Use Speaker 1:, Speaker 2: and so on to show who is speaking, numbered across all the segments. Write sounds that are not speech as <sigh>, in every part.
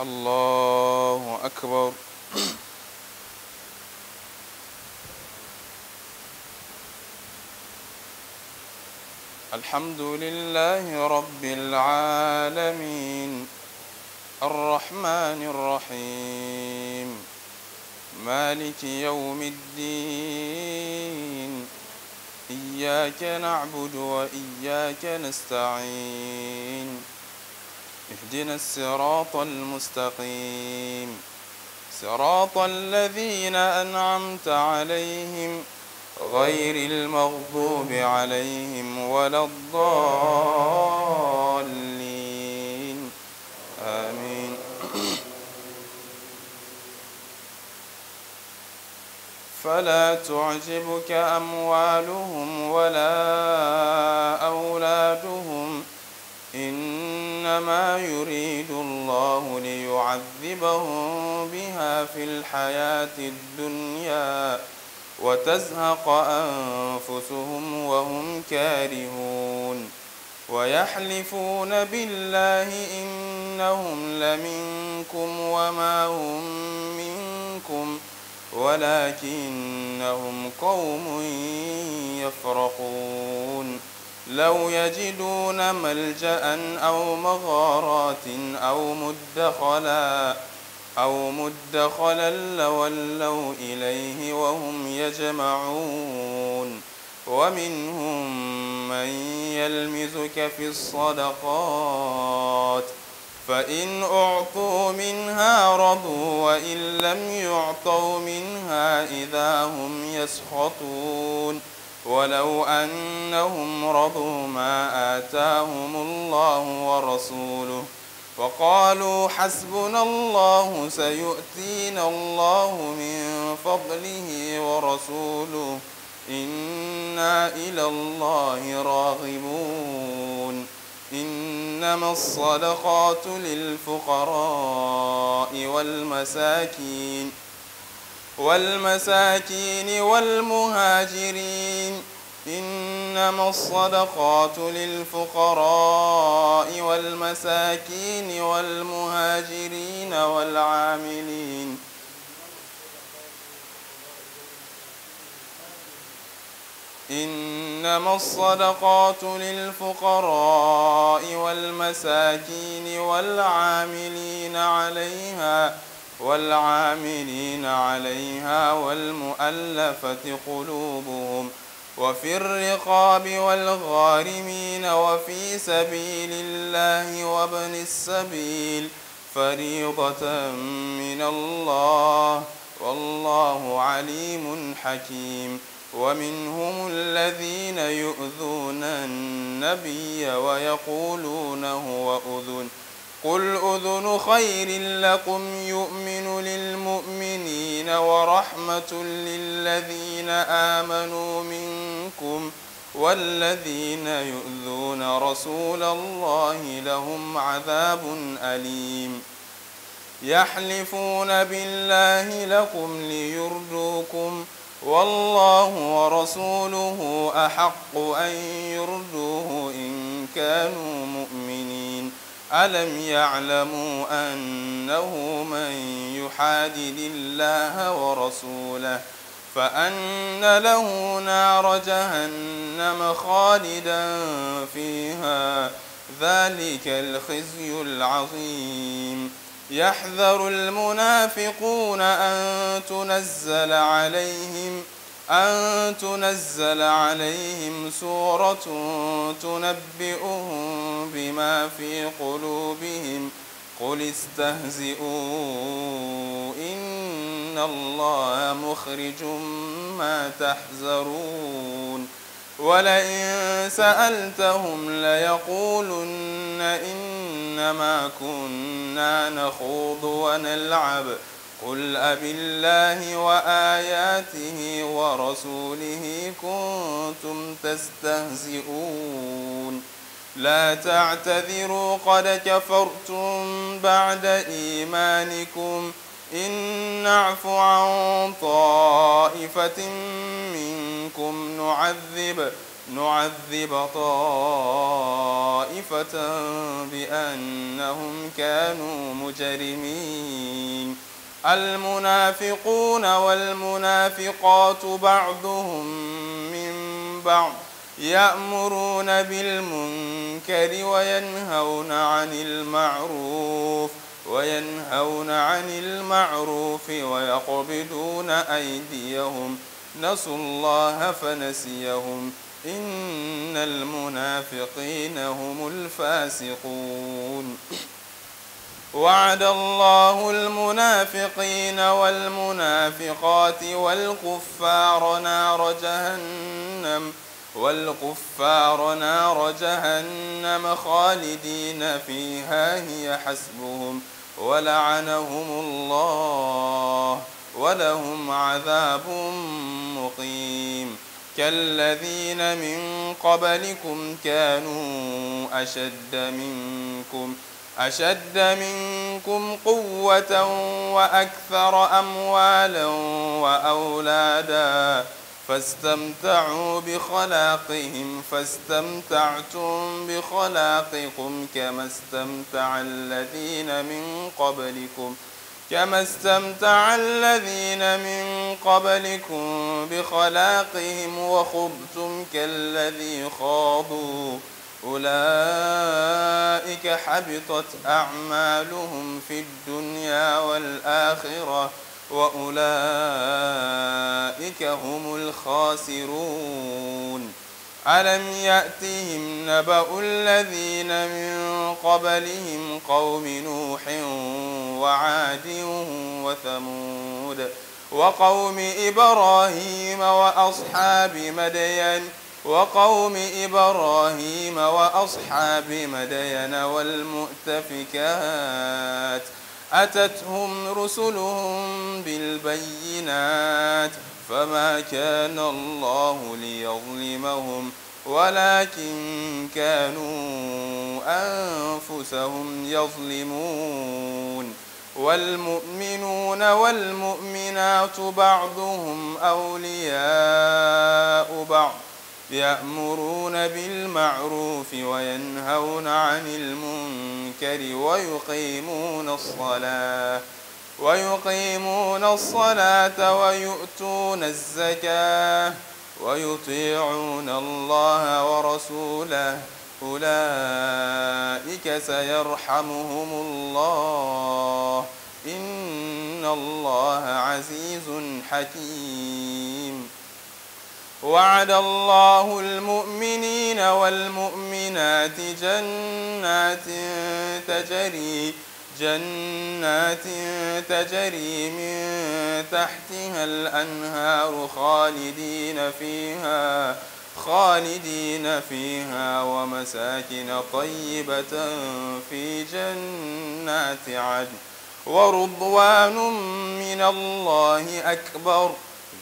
Speaker 1: الله أكبر الحمد لله رب العالمين الرحمن الرحيم مالك يوم الدين إياك نعبد وإياك نستعين اهدنا الصراط المستقيم صراط الذين أنعمت عليهم غير المغضوب عليهم ولا الضالين آمين فلا تعجبك أموالهم ولا أولادهم إنما يريد الله ليعذبهم بها في الحياة الدنيا وتزهق أنفسهم وهم كارهون ويحلفون بالله إنهم لمنكم وما هم منكم ولكنهم قوم يفرقون لو يجدون ملجأ أو مغارات أو مدخلا أو مدخلا لولوا إليه وهم يجمعون ومنهم من يلمزك في الصدقات فإن أعطوا منها رضوا وإن لم يعطوا منها إذا هم يسخطون ولو أنهم رضوا ما آتاهم الله ورسوله وقالوا حسبنا الله سيؤتينا الله من فضله ورسوله إنا إلى الله راغبون إنما الصدقات للفقراء والمساكين والمساكين والمهاجرين إنما الصدقات للفقراء والمساكين والمهاجرين والعاملين إنما الصدقات للفقراء والمساكين والعاملين عليها والعاملين عليها والمؤلفة قلوبهم وفي الرقاب والغارمين وفي سبيل الله وابن السبيل فريضة من الله والله عليم حكيم ومنهم الذين يؤذون النبي ويقولون هو أذن قل أذن خير لكم يؤمن للمؤمنين ورحمة للذين آمنوا منكم والذين يؤذون رسول الله لهم عذاب أليم يحلفون بالله لكم ليرجوكم والله ورسوله أحق أن يرجوه إن كانوا مؤمنين ألم يعلموا أنه من يحادل الله ورسوله فأن له نار جهنم خالدا فيها ذلك الخزي العظيم يحذر المنافقون أن تنزل عليهم ۖ أن تنزل عليهم سورة تنبئهم بما في قلوبهم قل استهزئوا إن الله مخرج ما تحذرون ولئن سألتهم ليقولن إنما كنا نخوض ونلعب ۖ قل أب الله وآياته ورسوله كنتم تستهزئون لا تعتذروا قد كفرتم بعد إيمانكم إن نعف عن طائفة منكم نعذب نعذب طائفة بأنهم كانوا مجرمين المنافقون والمنافقات بعضهم من بعض يأمرون بالمنكر وينهون عن المعروف وينهون عن المعروف ويقبضون أيديهم نسوا الله فنسيهم إن المنافقين هم الفاسقون وعد الله المنافقين والمنافقات والكفار نار جهنم والكفار نار جهنم خالدين فيها هي حسبهم ولعنهم الله ولهم عذاب مقيم كالذين من قبلكم كانوا أشد منكم ۖ أشد منكم قوة وأكثر أموالا وأولادا فاستمتعوا بخلاقهم فاستمتعتم بخلاقكم كما استمتع الذين من قبلكم كما استمتع الذين من قبلكم بخلاقهم وخبتم كالذي خاضوا أولئك حبطت أعمالهم في الدنيا والآخرة وأولئك هم الخاسرون ألم يأتهم نبأ الذين من قبلهم قوم نوح وعاد وثمود وقوم إبراهيم وأصحاب مدين وقوم إبراهيم وأصحاب مدين والمؤتفكات أتتهم رسلهم بالبينات فما كان الله ليظلمهم ولكن كانوا أنفسهم يظلمون والمؤمنون والمؤمنات بعضهم أولياء بعض يأمرون بالمعروف وينهون عن المنكر ويقيمون الصلاة ويقيمون الصلاة ويؤتون الزكاة ويطيعون الله ورسوله أولئك سيرحمهم الله إن الله عزيز حكيم وعد الله المؤمنين والمؤمنات جنات تجري جنات تجري من تحتها الأنهار خالدين فيها خالدين فيها ومساكن طيبة في جنات عدن ورضوان من الله أكبر ۖ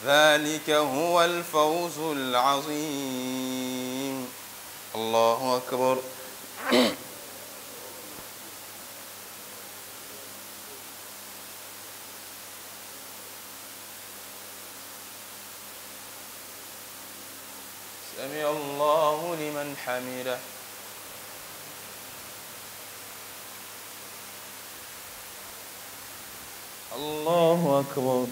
Speaker 1: ذلك هو الفوز العظيم الله أكبر <coughs> سمع الله لمن حمده الله أكبر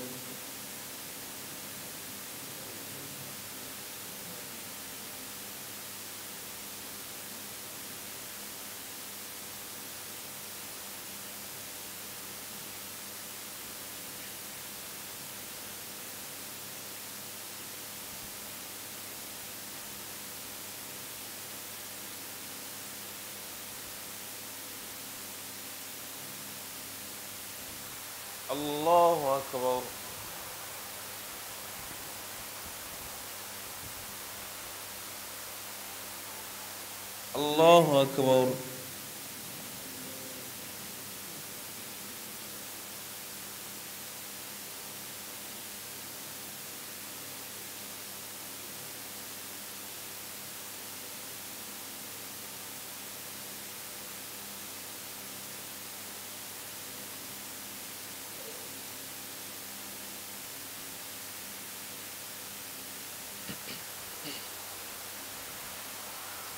Speaker 1: الله أكبر الله أكبر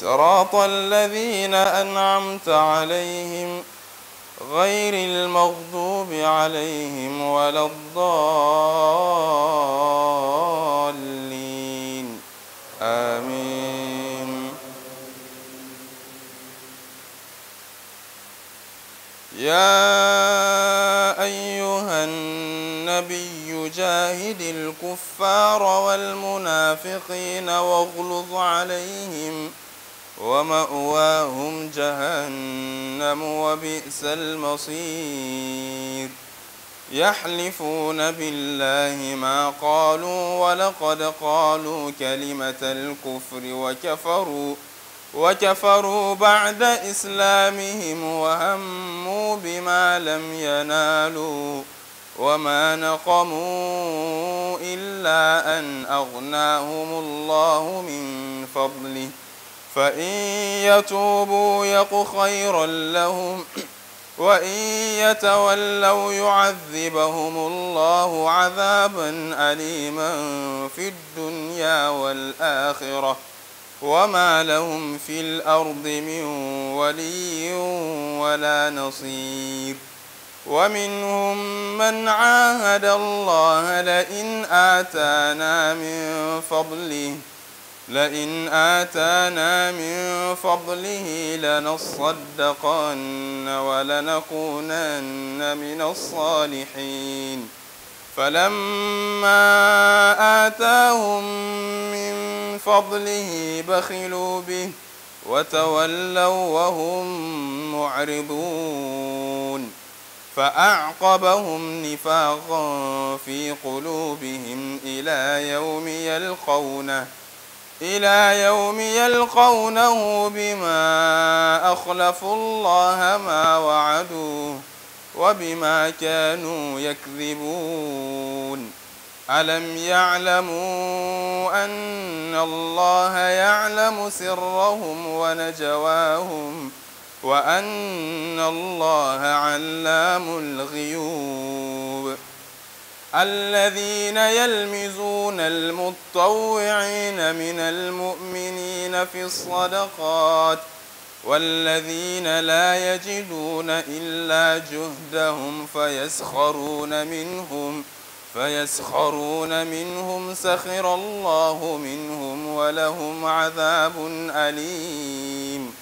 Speaker 1: صراط الذين أنعمت عليهم غير المغضوب عليهم ولا الضالين آمين يا أيها النبي جاهد الكفار والمنافقين واغلظ عليهم ۖ ومأواهم جهنم وبئس المصير يحلفون بالله ما قالوا ولقد قالوا كلمة الكفر وكفروا وكفروا بعد إسلامهم وهموا بما لم ينالوا وما نقموا إلا أن أغناهم الله من فضله فإن يتوبوا يق خيرا لهم وإن يتولوا يعذبهم الله عذابا أليما في الدنيا والآخرة وما لهم في الأرض من ولي ولا نصير ومنهم من عاهد الله لئن آتانا من فضله لئن آتانا من فضله لنصدقن ولنكونن من الصالحين فلما آتاهم من فضله بخلوا به وتولوا وهم معرضون فأعقبهم نفاقا في قلوبهم إلى يوم يلقونه إلى يوم يلقونه بما أخلفوا الله ما وعدوه وبما كانوا يكذبون ألم يعلموا أن الله يعلم سرهم ونجواهم وأن الله علام الغيوب الذين يلمزون المتطوعين من المؤمنين في الصدقات والذين لا يجدون إلا جهدهم فيسخرون منهم فيسخرون منهم سخر الله منهم ولهم عذاب أليم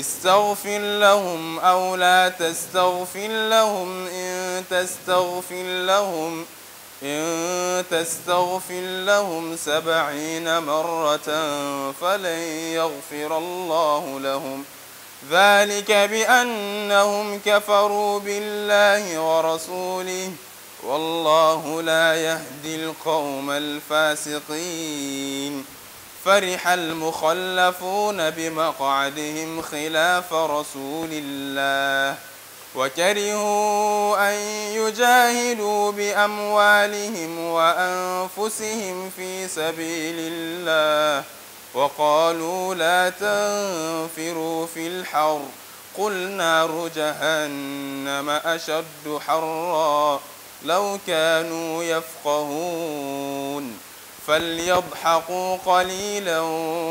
Speaker 1: استغفر لهم أو لا تستغفر لهم إن تستغفر لهم إن تستغفر لهم سبعين مرة فلن يغفر الله لهم ذلك بأنهم كفروا بالله ورسوله والله لا يهدي القوم الفاسقين فرح المخلفون بمقعدهم خلاف رسول الله وكرهوا أن يجاهدوا بأموالهم وأنفسهم في سبيل الله وقالوا لا تنفروا في الحر قل نار جهنم أشد حرا لو كانوا يفقهون فليضحكوا قليلا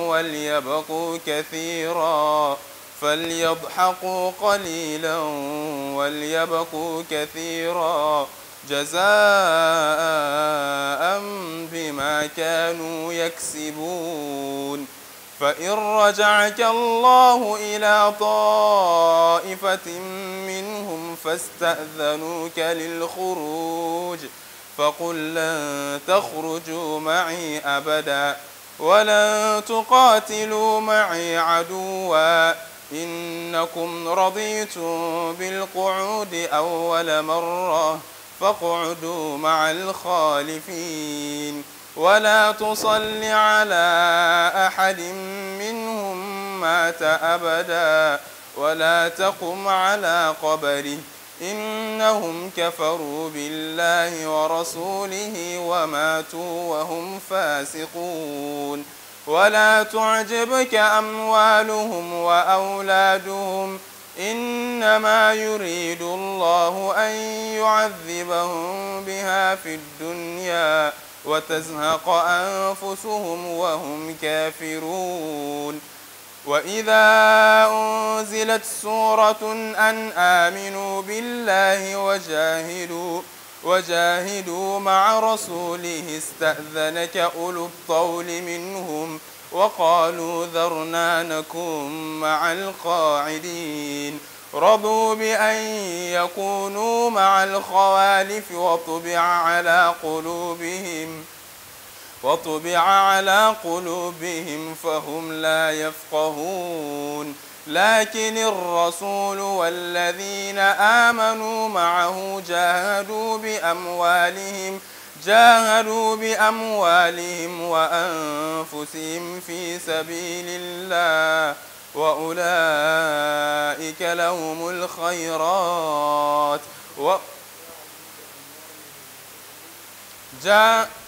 Speaker 1: وليبقوا كثيرا فليضحكوا قليلا وليبقوا كثيرا جزاء بما كانوا يكسبون فإن رجعك الله إلى طائفة منهم فاستأذنوك للخروج ۖ فقل لن تخرجوا معي أبدا ولن تقاتلوا معي عدوا إنكم رضيتم بالقعود أول مرة فاقعدوا مع الخالفين ولا تصل على أحد منهم مات أبدا ولا تقم على قبره إنهم كفروا بالله ورسوله وماتوا وهم فاسقون ولا تعجبك أموالهم وأولادهم إنما يريد الله أن يعذبهم بها في الدنيا وتزهق أنفسهم وهم كافرون وإذا أنزلت سورة أن آمنوا بالله وجاهدوا وجاهدوا مع رسوله استأذنك أولو الطول منهم وقالوا ذرنا نكن مع القاعدين رضوا بأن يكونوا مع الخوالف وطبع على قلوبهم وطبع على قلوبهم فهم لا يفقهون لكن الرسول والذين آمنوا معه جاهدوا بأموالهم جاهدوا بأموالهم وأنفسهم في سبيل الله وأولئك لهم الخيرات و جاهدوا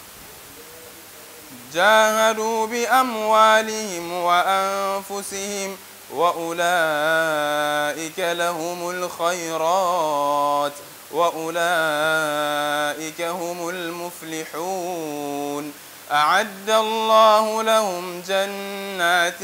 Speaker 1: جاهدوا بأموالهم وأنفسهم وأولئك لهم الخيرات وأولئك هم المفلحون أعد الله لهم جنات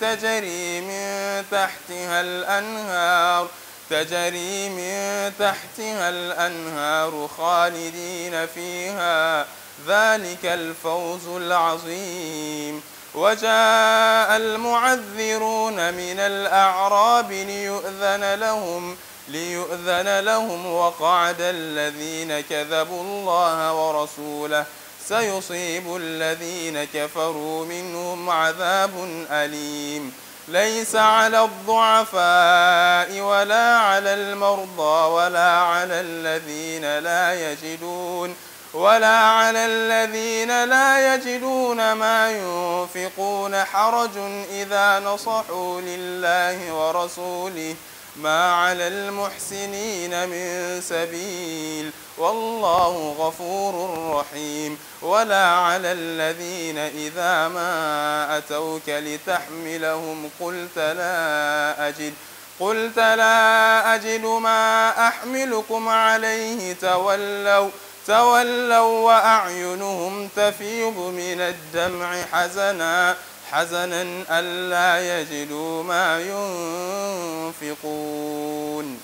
Speaker 1: تجري من تحتها الأنهار تجري من تحتها الأنهار خالدين فيها ذلك الفوز العظيم وجاء المعذرون من الأعراب ليؤذن لهم ليؤذن لهم وقعد الذين كذبوا الله ورسوله سيصيب الذين كفروا منهم عذاب أليم ليس على الضعفاء ولا على المرضى ولا على الذين لا يجدون ولا على الذين لا يجدون ما ينفقون حرج إذا نصحوا لله ورسوله ما على المحسنين من سبيل والله غفور رحيم ولا على الذين إذا ما أتوك لتحملهم قلت لا أجد قلت لا أجد ما أحملكم عليه تولوا تولوا وأعينهم تفيض من الدمع حزنا حزنا ألا يجدوا ما ينفقون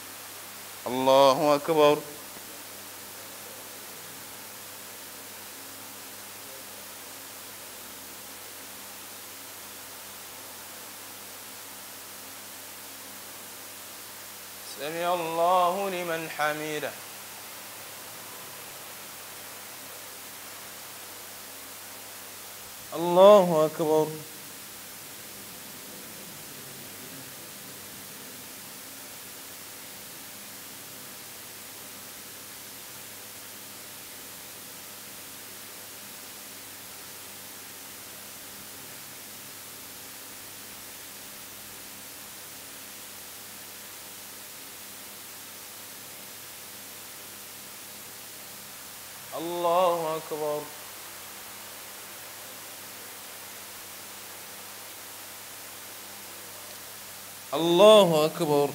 Speaker 1: الله أكبر سمع الله لمن حمده الله أكبر الله أكبر الله أكبر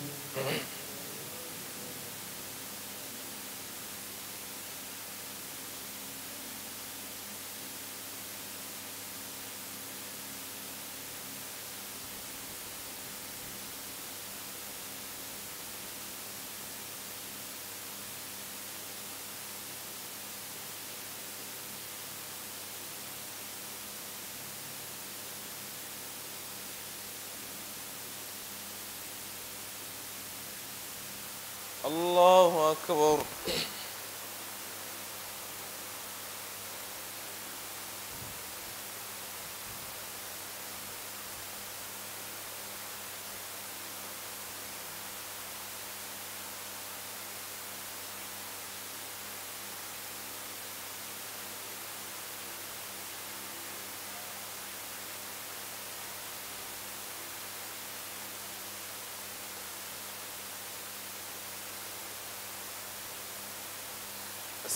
Speaker 1: remarkable